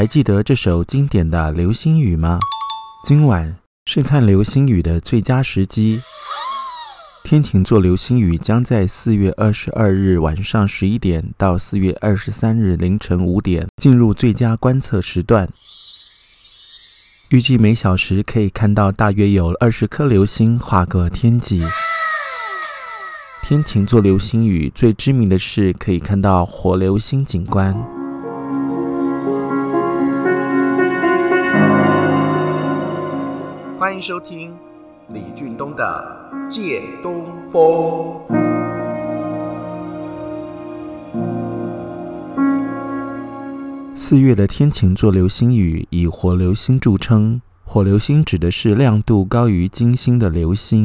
還記得這首經典的《流星雨》嗎？今晚是看流星雨的最佳時機。天琴座流星雨將在四月二十二日晚上十一點到四月二十三日凌晨五點進入最佳觀測時段，預計每小時可以看到大約有二十顆流星劃過天際。天琴座流星雨最知名的是可以看到火流星景觀。歡迎收聽李俊東的《借東風》。四月的天琴座流星雨以火流星著稱，火流星指的是亮度高於金星的流星。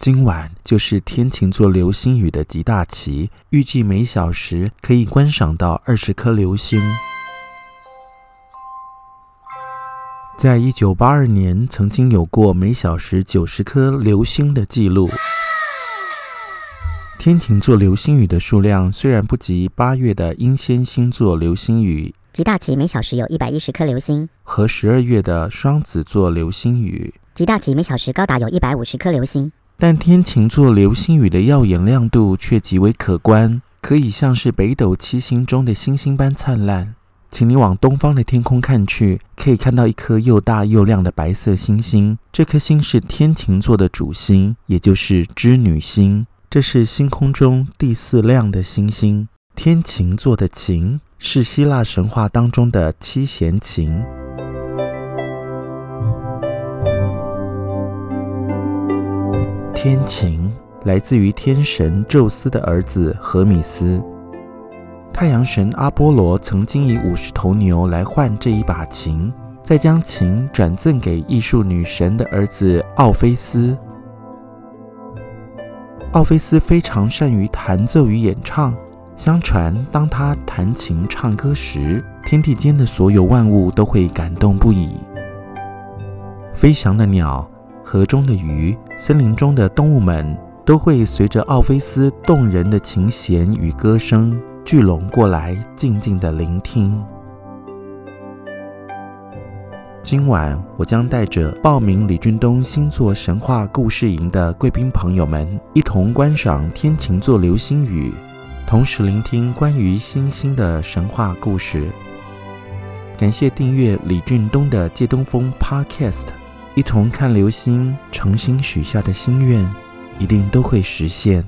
今晚就是天琴座流星雨的極大期，預計每小時可以觀賞到二十顆流星。在一九八二年，曾經有過每小時九十顆流星的記錄。天琴座流星雨的數量雖然不及八月的英仙星座流星雨（極大期每小時有一百一十顆流星）和十二月的雙子座流星雨（極大期每小時高達有一百五十顆流星），但天琴座流星雨的耀眼亮度卻極為可觀，可以像是北斗七星中的星星般燦爛。請你往東方的天空看去，可以看到一顆又大又亮的白色星星。這顆星是天琴座的主星，也就是織女星。這是星空中第四亮的星星。天琴座的“琴”是希臘神話當中的七弦琴。天琴來自於天神宙斯的兒子荷米斯。太陽神阿波羅曾經以五十頭牛來換這一把琴，再將琴轉贈給藝術女神的兒子奧菲斯。奧菲斯非常善於彈奏與演唱。相傳，當他彈琴唱歌時，天地間的所有萬物都會感動不已。飛翔的鳥、河中的魚、森林中的動物們都會隨着奧菲斯動人的琴弦與歌聲，聚攏過來，靜靜地聆聽。今晚我將帶着報名李俊東星座神話故事營的貴賓朋友們，一同觀賞天琴座流星雨，同時聆聽關於星星的神話故事。感謝訂閱李俊東的借東風 Podcast，一同看流星，誠心許下的心願，一定都會實現。